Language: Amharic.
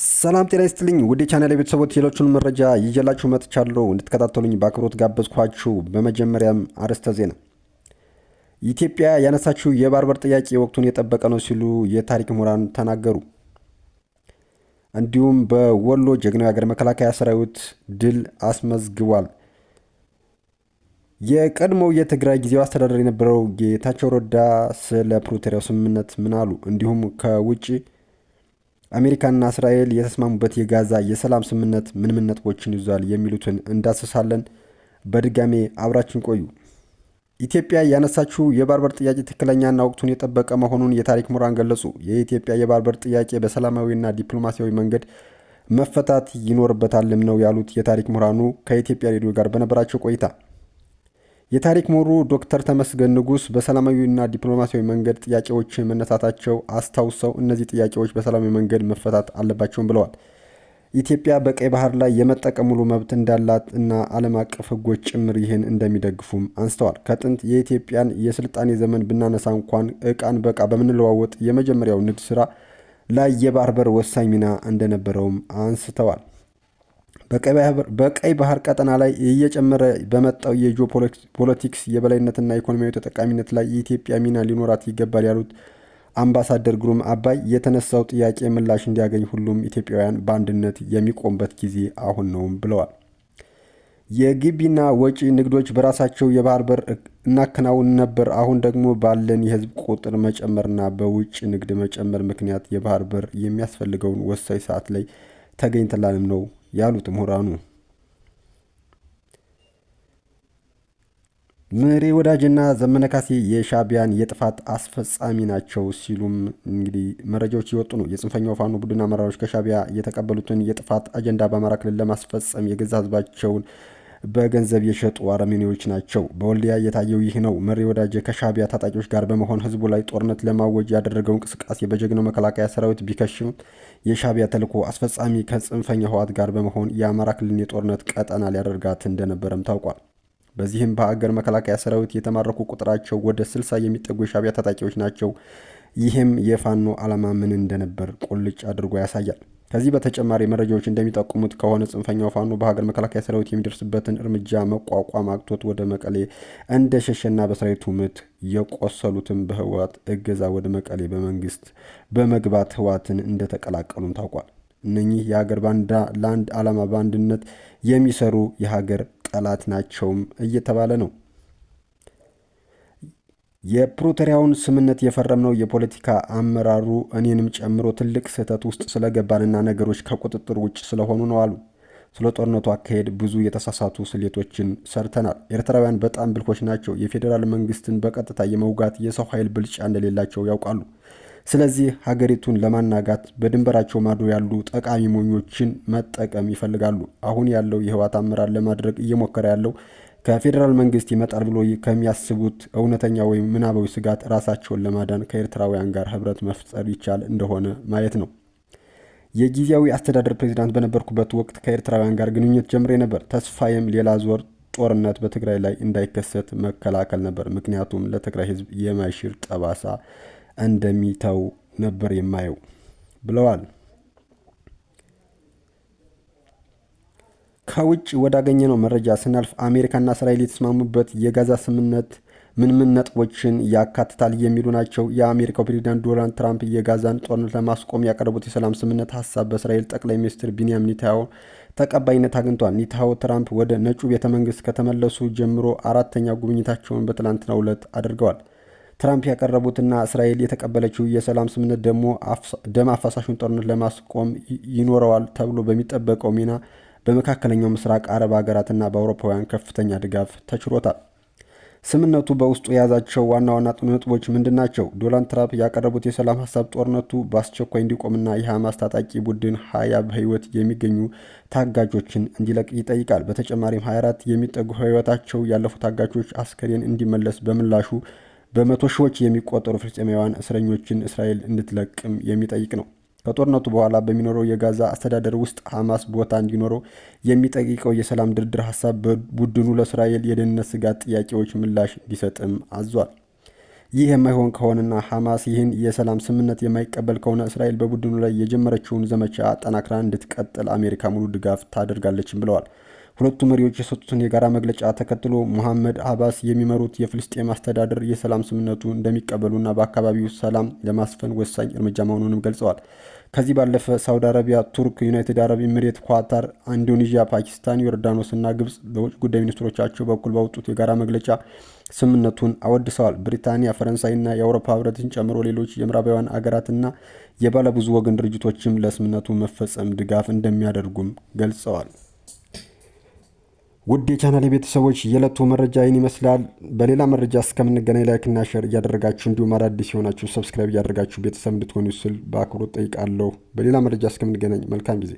ሰላም ጤና ይስጥልኝ ውድ ቻናል ቤተሰቦች፣ ሌሎቹን መረጃ ይዤላችሁ መጥቻለሁ። እንድትከታተሉኝ በአክብሮት ጋበዝኳችሁ። በመጀመሪያም አርዕስተ ዜና። ኢትዮጵያ ያነሳችው የባህር በር ጥያቄ ወቅቱን የጠበቀ ነው ሲሉ የታሪክ ምሁራን ተናገሩ። እንዲሁም በወሎ ጀግናው የሀገር መከላከያ ሰራዊት ድል አስመዝግቧል። የቀድሞው የትግራይ ጊዜያዊ አስተዳደር የነበረው ጌታቸው ረዳ ስለ ፕሪቶሪያው ስምምነት ምን አሉ? እንዲሁም ከውጭ አሜሪካና እስራኤል የተስማሙበት የጋዛ የሰላም ስምምነት ምን ምን ነጥቦችን ይዟል የሚሉትን እንዳስሳለን። በድጋሜ አብራችን ቆዩ። ኢትዮጵያ ያነሳችው የባህር በር ጥያቄ ትክክለኛና ወቅቱን የጠበቀ መሆኑን የታሪክ ምሁራን ገለጹ። የኢትዮጵያ የባህር በር ጥያቄ በሰላማዊና ዲፕሎማሲያዊ መንገድ መፈታት ይኖርበታልም ነው ያሉት የታሪክ ምሁራኑ ከኢትዮጵያ ሬዲዮ ጋር በነበራቸው ቆይታ የታሪክ ምሁሩ ዶክተር ተመስገን ንጉስ በሰላማዊና ዲፕሎማሲያዊ መንገድ ጥያቄዎች መነሳታቸው አስታውሰው እነዚህ ጥያቄዎች በሰላማዊ መንገድ መፈታት አለባቸውም ብለዋል። ኢትዮጵያ በቀይ ባህር ላይ የመጠቀም ሙሉ መብት እንዳላት እና ዓለም አቀፍ ሕጎች ጭምር ይህን እንደሚደግፉም አንስተዋል። ከጥንት የኢትዮጵያን የስልጣኔ ዘመን ብናነሳ እንኳን እቃን በቃ በምንለዋወጥ የመጀመሪያው ንግድ ስራ ላይ የባህር በር ወሳኝ ሚና እንደነበረውም አንስተዋል። በቀይ ባህር ቀጠና ላይ እየጨመረ በመጣው የጂኦፖለቲክስ የበላይነትና ኢኮኖሚያዊ ተጠቃሚነት ላይ የኢትዮጵያ ሚና ሊኖራት ይገባል ያሉት አምባሳደር ግሩም አባይ የተነሳው ጥያቄ ምላሽ እንዲያገኝ ሁሉም ኢትዮጵያውያን በአንድነት የሚቆምበት ጊዜ አሁን ነውም ብለዋል። የግቢና ወጪ ንግዶች በራሳቸው የባህር በር እናከናውን ነበር። አሁን ደግሞ ባለን የህዝብ ቁጥር መጨመርና በውጭ ንግድ መጨመር ምክንያት የባህር በር የሚያስፈልገውን ወሳኝ ሰዓት ላይ ተገኝተላንም ነው ያሉት ምሁራኑ ምሪ ወዳጅና ዘመነ ካሴ የሻቢያን የጥፋት አስፈጻሚ ናቸው ሲሉም እንግዲህ መረጃዎች እየወጡ ነው። የጽንፈኛው ፋኖ ቡድን አመራሮች ከሻቢያ የተቀበሉትን የጥፋት አጀንዳ በአማራ ክልል ለማስፈጸም የገዛ ህዝባቸውን በገንዘብ የሸጡ አረመኔዎች ናቸው። በወልዲያ የታየው ይህ ነው። መሪ ወዳጅ ከሻቢያ ታጣቂዎች ጋር በመሆን ህዝቡ ላይ ጦርነት ለማወጅ ያደረገው እንቅስቃሴ በጀግናው መከላከያ ሰራዊት ቢከሽም የሻቢያ ተልኮ አስፈጻሚ ከጽንፈኛ ህወሓት ጋር በመሆን የአማራ ክልል የጦርነት ቀጠና ሊያደርጋት እንደነበረም ታውቋል። በዚህም በአገር መከላከያ ሰራዊት የተማረኩ ቁጥራቸው ወደ ስልሳ የሚጠጉ የሻቢያ ታጣቂዎች ናቸው። ይህም የፋኖ ዓላማ ምን እንደነበር ቁልጭ አድርጎ ያሳያል። ከዚህ በተጨማሪ መረጃዎች እንደሚጠቁሙት ከሆነ ጽንፈኛው ፋኖ በሀገር መከላከያ ሰራዊት የሚደርስበትን እርምጃ መቋቋም አቅቶት ወደ መቀሌ እንደሸሸና በሰራዊቱ ምት የቆሰሉትን በህወሓት እገዛ ወደ መቀሌ በመንግስት በመግባት ህወሓትን እንደተቀላቀሉም ታውቋል። እነኚህ የሀገር ባንዳ ለአንድ ዓላማ በአንድነት የሚሰሩ የሀገር ጠላት ናቸውም እየተባለ ነው። የፕሮቶሪያውን ስምነት የፈረምነው የፖለቲካ አመራሩ እኔንም ጨምሮ ትልቅ ስህተት ውስጥ ስለገባንና ነገሮች ከቁጥጥር ውጭ ስለሆኑ ነው አሉ። ስለ ጦርነቱ አካሄድ ብዙ የተሳሳቱ ስሌቶችን ሰርተናል። ኤርትራውያን በጣም ብልኮች ናቸው። የፌዴራል መንግስትን በቀጥታ የመውጋት የሰው ኃይል ብልጫ እንደሌላቸው ያውቃሉ። ስለዚህ ሀገሪቱን ለማናጋት በድንበራቸው ማዶ ያሉ ጠቃሚ ሞኞችን መጠቀም ይፈልጋሉ። አሁን ያለው የህወሓት አመራር ለማድረግ እየሞከረ ያለው ከፌዴራል መንግስት ይመጣል ብሎ ከሚያስቡት እውነተኛ ወይም ምናባዊ ስጋት ራሳቸውን ለማዳን ከኤርትራውያን ጋር ህብረት መፍጠር ይቻል እንደሆነ ማየት ነው። የጊዜያዊ አስተዳደር ፕሬዚዳንት በነበርኩበት ወቅት ከኤርትራውያን ጋር ግንኙነት ጀምሬ ነበር። ተስፋዬም ሌላ ዞር ጦርነት በትግራይ ላይ እንዳይከሰት መከላከል ነበር። ምክንያቱም ለትግራይ ህዝብ የማይሽር ጠባሳ እንደሚተው ነበር የማየው ብለዋል። ከውጭ ነው መረጃ ስናልፍ አሜሪካና እስራኤል የተስማሙበት የጋዛ ስምምነት ምን ምን ነጥቦችን ያካትታል የሚሉ ናቸው። የአሜሪካው ፕሬዚዳንት ዶናልድ ትራምፕ የጋዛን ጦርነት ለማስቆም ያቀረቡት የሰላም ስምምነት ሀሳብ በእስራኤል ጠቅላይ ሚኒስትር ቢንያም ኔታንያሁ ተቀባይነት አግኝቷል። ኔታንያሁ ትራምፕ ወደ ነጩ ቤተ መንግስት ከተመለሱ ጀምሮ አራተኛ ጉብኝታቸውን በትላንትናው ዕለት አድርገዋል። ትራምፕ ያቀረቡትና እስራኤል የተቀበለችው የሰላም ስምምነት ደግሞ ደም አፋሳሹን ጦርነት ለማስቆም ይኖረዋል ተብሎ በሚጠበቀው ሚና በመካከለኛው ምስራቅ አረብ ሀገራትና በአውሮፓውያን ከፍተኛ ድጋፍ ተችሮታል። ስምነቱ በውስጡ የያዛቸው ዋና ዋና ነጥቦች ምንድን ናቸው? ዶናልድ ትራምፕ ያቀረቡት የሰላም ሀሳብ ጦርነቱ በአስቸኳይ እንዲቆምና የሐማስ ታጣቂ ቡድን ሀያ በህይወት የሚገኙ ታጋጆችን እንዲለቅ ይጠይቃል። በተጨማሪም 24 የሚጠጉ ህይወታቸው ያለፉ ታጋጆች አስከሬን እንዲመለስ በምላሹ በመቶ ሺዎች የሚቆጠሩ ፍልስጤማውያን እስረኞችን እስራኤል እንድትለቅም የሚጠይቅ ነው። ከጦርነቱ በኋላ በሚኖረው የጋዛ አስተዳደር ውስጥ ሐማስ ቦታ እንዲኖረው የሚጠይቀው የሰላም ድርድር ሀሳብ በቡድኑ ለእስራኤል የደህንነት ስጋት ጥያቄዎች ምላሽ እንዲሰጥም አዟል። ይህ የማይሆን ከሆነና ሐማስ ይህን የሰላም ስምምነት የማይቀበል ከሆነ እስራኤል በቡድኑ ላይ የጀመረችውን ዘመቻ አጠናክራ እንድትቀጥል አሜሪካ ሙሉ ድጋፍ ታደርጋለችም ብለዋል። ሁለቱ መሪዎች የሰጡትን የጋራ መግለጫ ተከትሎ ሙሐመድ አባስ የሚመሩት የፍልስጤም አስተዳደር የሰላም ስምምነቱ እንደሚቀበሉና በአካባቢው ሰላም ለማስፈን ወሳኝ እርምጃ መሆኑንም ገልጸዋል። ከዚህ ባለፈ ሳውዲ አረቢያ፣ ቱርክ፣ ዩናይትድ አረብ ኤምሬት፣ ኳታር፣ ኢንዶኔዥያ፣ ፓኪስታን፣ እና ግብጽ በውጭ ጉዳይ ሚኒስትሮቻቸው በኩል ባወጡት የጋራ መግለጫ ስምምነቱን አወድሰዋል። ብሪታንያ፣ ፈረንሳይና የአውሮፓ ህብረትን ጨምሮ ሌሎች የምዕራባውያን አገራትና የባለብዙ ወገን ድርጅቶችም ለስምምነቱ መፈጸም ድጋፍ እንደሚያደርጉም ገልጸዋል። ውድ የቻናል ቤተሰቦች የዕለቱ መረጃ ይህን ይመስላል። በሌላ መረጃ እስከምንገናኝ ላይክና ሸር እያደረጋችሁ እንዲሁም አዳዲስ የሆናችሁ ሰብስክራይብ እያደረጋችሁ ቤተሰብ እንድትሆኑ ስል በአክብሮት ጠይቃለሁ። በሌላ መረጃ እስከምንገናኝ መልካም ጊዜ